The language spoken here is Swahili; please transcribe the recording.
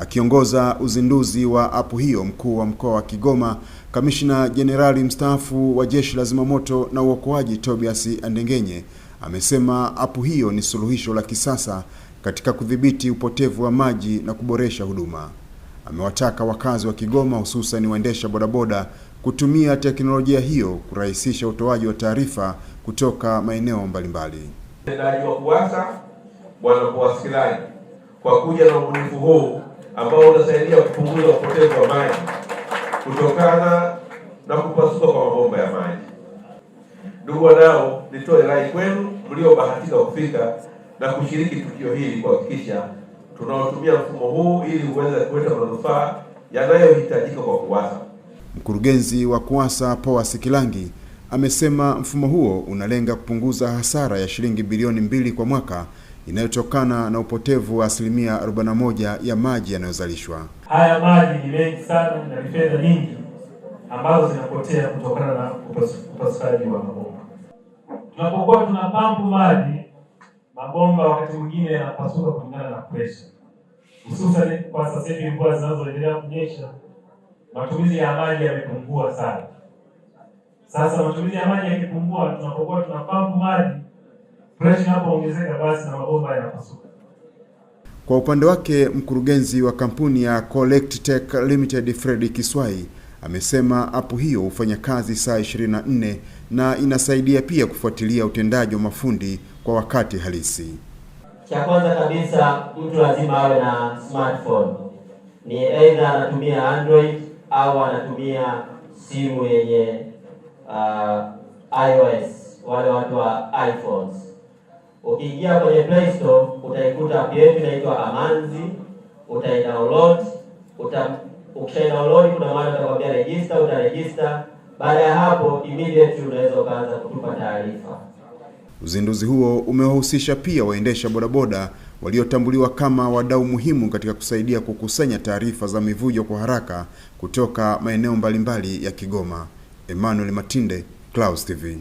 Akiongoza uzinduzi wa apu hiyo, mkuu wa mkoa wa Kigoma, kamishna jenerali mstaafu wa jeshi la zimamoto na uokoaji Tobias Andengenye amesema apu hiyo ni suluhisho la kisasa katika kudhibiti upotevu wa maji na kuboresha huduma. Amewataka wakazi wa Kigoma, hususan waendesha bodaboda kutumia teknolojia hiyo kurahisisha utoaji wa taarifa kutoka maeneo mbalimbali. Tendaji wa KUWASA, bwana kwa kuja na ubunifu huu ambao unasaidia kupunguza upotevu wa maji kutokana na kupasuka kwa mabomba ya maji. Ndugu wanao, nitoe rai kwenu mliobahatika kufika na kushiriki tukio hili kuhakikisha tunaotumia mfumo huu ili uweze kuleta manufaa yanayohitajika kwa KUWASA. Mkurugenzi wa KUWASA poa sikilangi amesema mfumo huo unalenga kupunguza hasara ya shilingi bilioni mbili kwa mwaka inayotokana na upotevu wa asilimia 41 ya maji yanayozalishwa. Haya maji ni mengi sana na ni fedha nyingi ambazo zinapotea kutokana na upasukaji wa mabomba. Tunapokuwa tuna pampu maji, mabomba wakati mwingine yanapasuka kulingana na presha, hususan kwa sasa hivi mvua zinazoendelea kunyesha, matumizi ya maji yamepungua sana. Sasa matumizi ya maji yakipungua, tunapokuwa tuna pampu maji presha inapoongezeka basi na mabomba yanapasuka. Kwa upande wake mkurugenzi wa kampuni ya Collect Tech Limited Fred Kiswai amesema apu hiyo hufanya kazi saa 24 na inasaidia pia kufuatilia utendaji wa mafundi kwa wakati halisi. Cha kwanza kabisa mtu lazima awe na smartphone, ni aidha anatumia Android au anatumia simu yenye uh, iOS, wale watu wa iPhones Ukiingia kwenye Play Store utaikuta app yetu inaitwa Amanzi, utaidownload uta, ukisha kuna mahali utakwambia register, utaregister. Baada ya hapo immediately unaweza ukaanza kutupa taarifa. Uzinduzi huo umewahusisha pia waendesha bodaboda waliotambuliwa kama wadau muhimu katika kusaidia kukusanya taarifa za mivujo kwa haraka kutoka maeneo mbalimbali ya Kigoma. Emmanuel Matinde, Clouds TV.